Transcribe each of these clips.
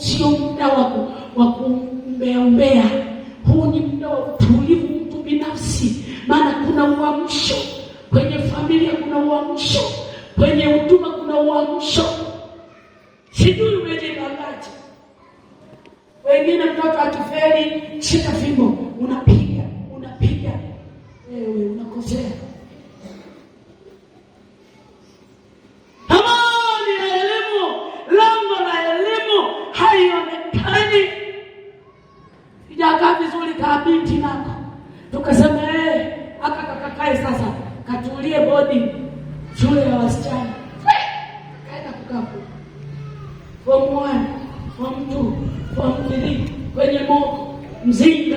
sio muda wa kumbeaumbea. Huu ni muda wa utulivu mtu binafsi, maana kuna uamsho kwenye familia, kuna uamsho kwenye huduma, kuna uamsho. Sijui umejipangaje? Wengine mtoto akifeli, shika fimbo, unapiga unapiga, wewe unakosea kwenye moto Mzinga,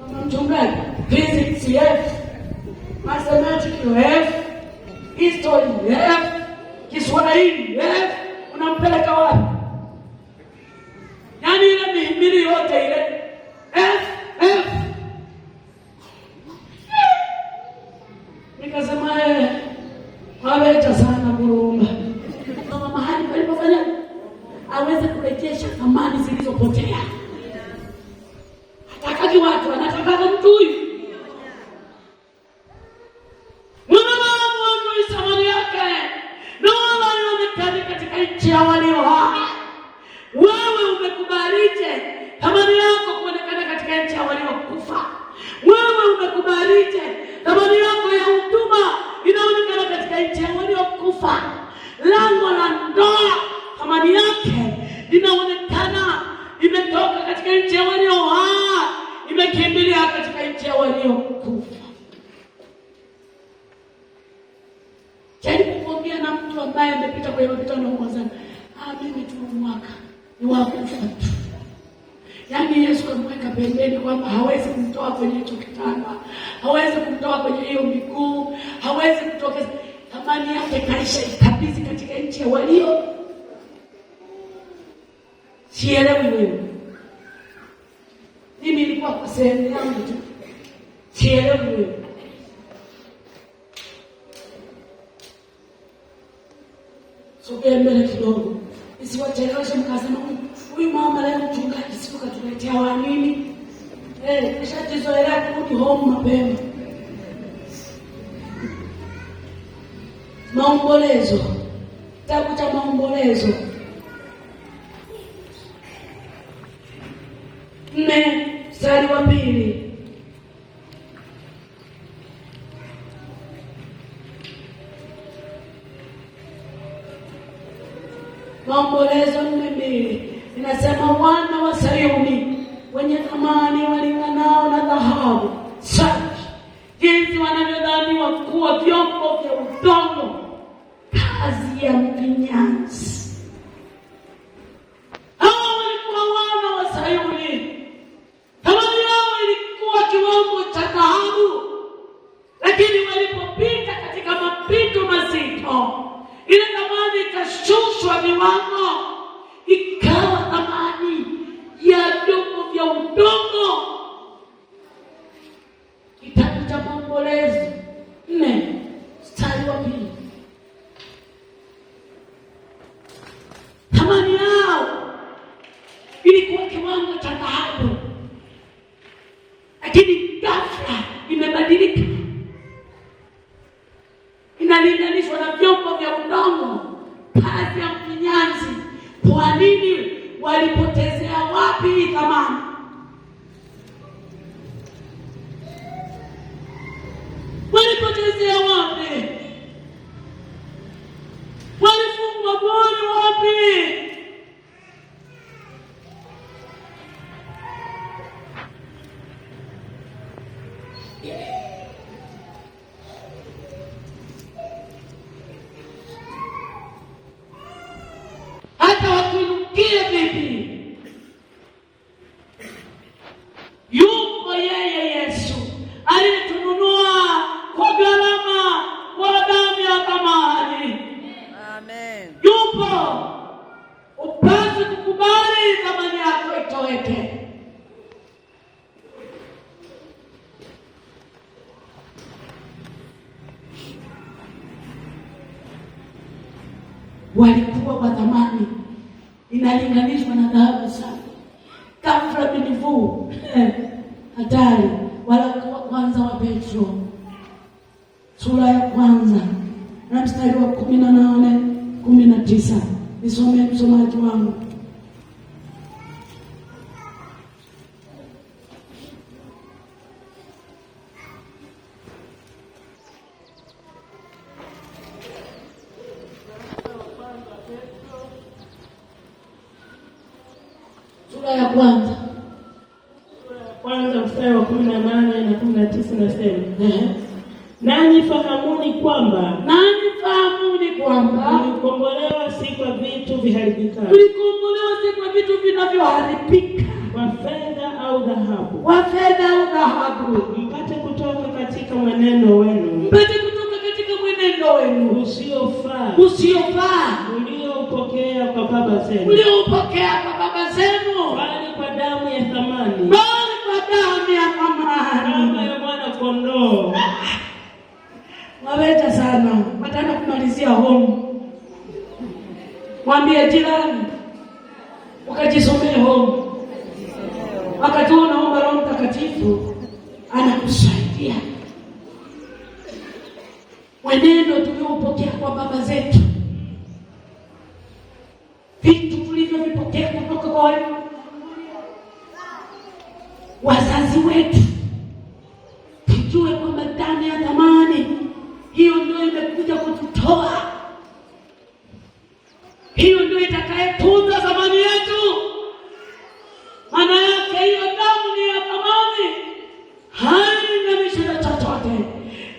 mama mchungaji, physics yes, mathematics yes, history yes, Kiswahili yes, unampeleka wapi? Yaani ile mihimili yote ile F F. Nikasema ee, eh, waweta sana kurumba aweze kurejesha thamani zilizopotea. Hatakaji watu anatakaza mtu huyu mwanadamu thamani yake naona katika nchi ya walio hai. Wewe umekubalije thamani yako kuonekana katika nchi ya waliokufa? Wewe umekubalije mkutano mwazani, ah, mimi tu mwaka ni wako tu. Yaani Yesu kamweka pembeni kwamba hawezi kumtoa kwenye hicho kitanda, hawezi kumtoa kwenye hiyo miguu, hawezi kutoka thamani yake, kaisha ikabidhi katika nchi ya walio. Sielewi wewe, mimi nilikuwa kwa sehemu yangu tu, sielewi wewe tuende mbele kidogo, isiwacheleweshe mkasema huyu mama leo mchungaji siku katuletea wa nini? Eh, nishajizoelea kurudi home mapema. Maombolezo, kitabu cha Maombolezo nne mstari wa pili kuwa vyombo vya udongo, kazi ya mfinyanzi. kuunganishwa na vyombo vya udongo, kazi ya mfinyanzi. Kwa nini? Walipotezea wapi hii thamani? Walipotezea wapi? Walifungwa bori wapi? yeah. upo, upasi kukubali thamani yako itoweke. Walikuwa kwa thamani inalinganishwa na dhahabu sana, kafra binifu hatari. wala kwanza wa Petro sura ya kwanza na mstari wa kumi na nane nisome msomaji wangu sura ya kwanza kwanza mstari wa kumi na nane na kumi na tisa nasema, nanyi fahamuni kwamba kwamba tulikombolewa si kwa vitu viharibikavyo, tulikombolewa si kwa vitu vinavyoharibika, kwa fedha au dhahabu, kwa fedha au dhahabu, mpate kutoka katika maneno wenu, mpate kutoka katika mwenendo wenu usiofaa, usiofaa uliopokea kwa baba zenu, uliopokea kwa baba zenu, bali kwa damu ya thamani, bali kwa damu ya thamani, damu ya mwana kondoo. Waweta sana nataka kumalizia homu. Mwambie jirani ukajisomee homu, wakati unaomba Roho Mtakatifu anakusaidia. Mwenendo tuliopokea kwa baba zetu, vitu tulivyovipokea kutoka kwa walimu hiyo ndio itakayetunza thamani yetu. Maana yake hiyo damu ni ya thamani, hai na chochote.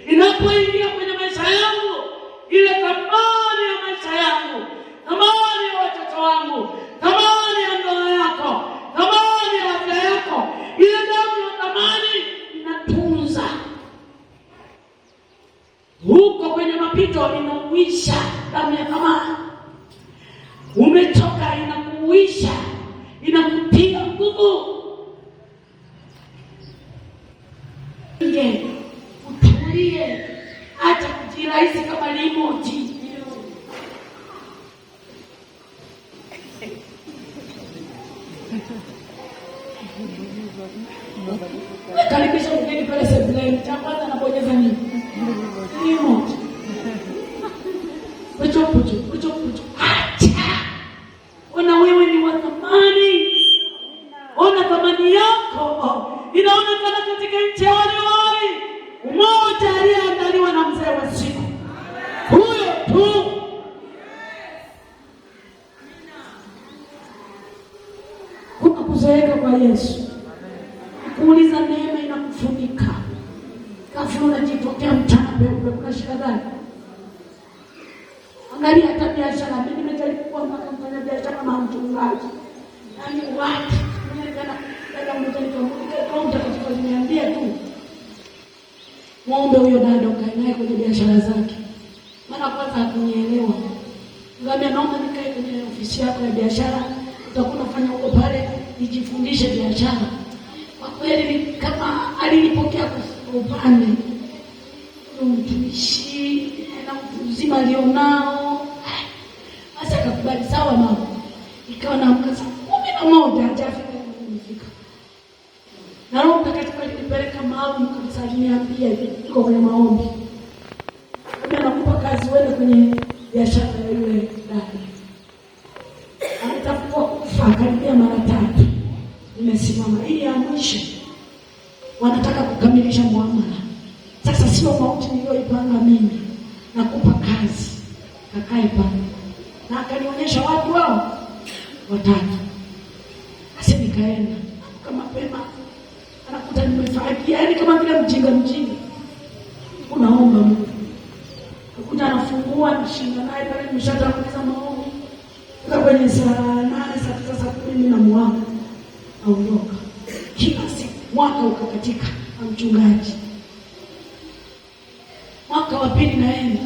Inapoingia kwenye maisha yangu, ile thamani ya maisha yangu, thamani ya watoto wangu, thamani ya ndoa yako, thamani ya afya yako, ile damu ya thamani inatunza huko kwenye mapito, inauisha damu ya thamani. Karibisha mgeni pale sebuleni, cha kwanza anaponyeza nini? Remote. Puchu puchu, puchu puchu. Yesu. Kuuliza neema inakufunika. Kafu unajitokea peupe, umekuwa shida gani? Angalia hata biashara, mimi nimejaribu kuwa mpaka mfanya biashara kama mchungaji. Yaani watu nimekana dada mmoja nikamwambia kaunta katika niambia tu. Muombe huyo dada ukae naye kwenye biashara zake. Maana kwanza hakunielewa. Ngamia, naomba nikae kwenye ofisi yako ya biashara. Utakuwa unafanya huko pale nijifundishe biashara. Kwa kweli, kama alinipokea kwa upande mtumishi na mtu mzima alionao, basi akakubali, sawa mama. Ikawa naamka saa kumi na moja hajafika kumzika, na Roho Mtakatifu alinipeleka maalum kabisa, aliniambia iko kwenye maombi, anakupa kazi uende kwenye biashara ya yule dada, alitafuta kufa karibia mara kuvunja muamala. Sasa sio mauti niliyoipanga mimi, nakupa kazi, kakae pale. Na akanionyesha watu wao watatu, basi nikaenda kama mapema, anakuta nimefariki, yaani kama vile mjinga mjinga, unaomba Mungu kukuta anafungua nishinda naye pale, nimeshatanguliza maombi kutoka kwenye saa nane saa tisa saa kumi na mwaka aondoka. Kila siku mwaka ukakatika mchungaji. Mwaka wa pili naenda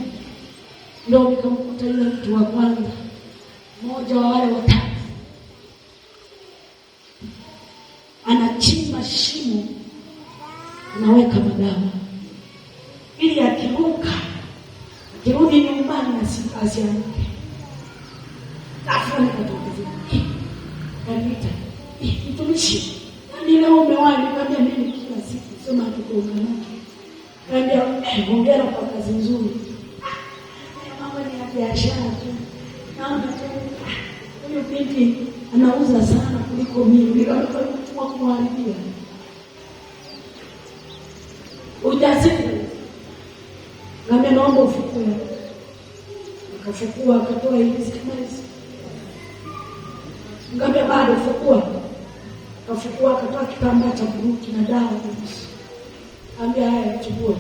ndio nikamkuta yule mtu wa kwanza, mmoja wa wale watatu, anachimba shimo, anaweka madawa ili akiruka, akirudi nyumbani asianguke. Naambia hongera kwa kazi nzuri. Mambo ni ya biashara tu, naona tu huyu binti anauza sana kuliko mimi, kwa kumwambia ujasiri. Naambia naomba ufukue, akafukua akatoa hizi kama hizi. Ngapi bado fukua, akafukua akatoa kitambaa cha bluu kina dawa nyeusi Ambia haya chukua.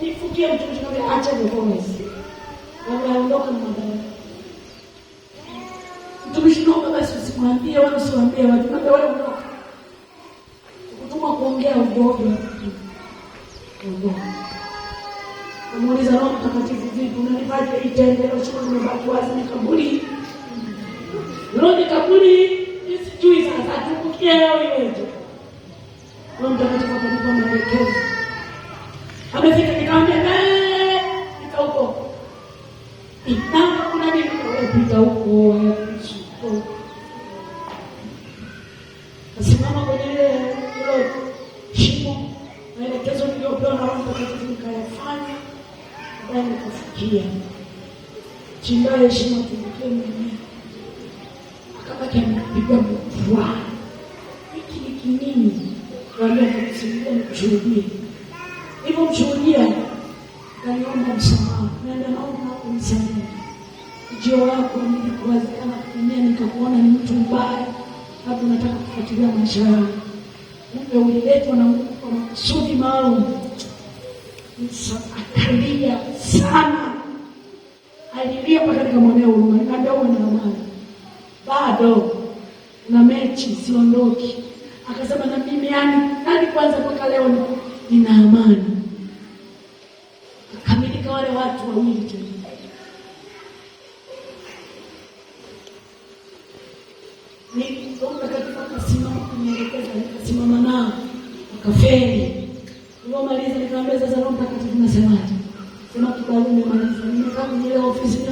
nifukie mtumishi kama acha Gomez. Wewe ondoka Mtumishi naomba basi usimwambie wala usiwaambie watu. Mwambie wewe ondoka. Ukutuma kuongea ugogo. Ugogo. Roho Mtakatifu vipi? Unanipaje hii tendo leo siku nimebaki wazi ni kaburi. Roho ni kaburi. Sijui sasa tukukie leo Roho Mtakatifu akanipa maelekezo, amefika nikamwambia pita huko, pitanga kuna nini? Pita huko, kasimama kwenye ile shimo. Maelekezo niliyopewa na Roho Mtakatifu nikayafanya, ambaye nikafikia chimbaye shimo, tumikie mwenyewe. Akabaki anapiga mtwaa hiki ni kinini kuambia kumsaidia kumshuhudia. Hivyo mshuhudia, naliomba msamaha, naenda naomba unisamehe. Ujio wako nilikuwazekana kutumia, nikakuona ni mtu mbaya, labda nataka kufuatilia maisha yangu. Kumbe uliletwa na Mungu kwa makusudi maalum. Akalia sana, alilia mpaka nikamwonea huruma, nikaambia uwe na amani, bado na mechi siondoki akasema na mimi yani nani kwanza, mpaka leo nina amani. Akamilika wale watu wawili tu. Nikasimama nao wakafeli, nilipomaliza nikamwambia sasa, Roho Mtakatifu nasemaje? Sema kibarua, umemaliza. Nimekaa kwenye ile ofisi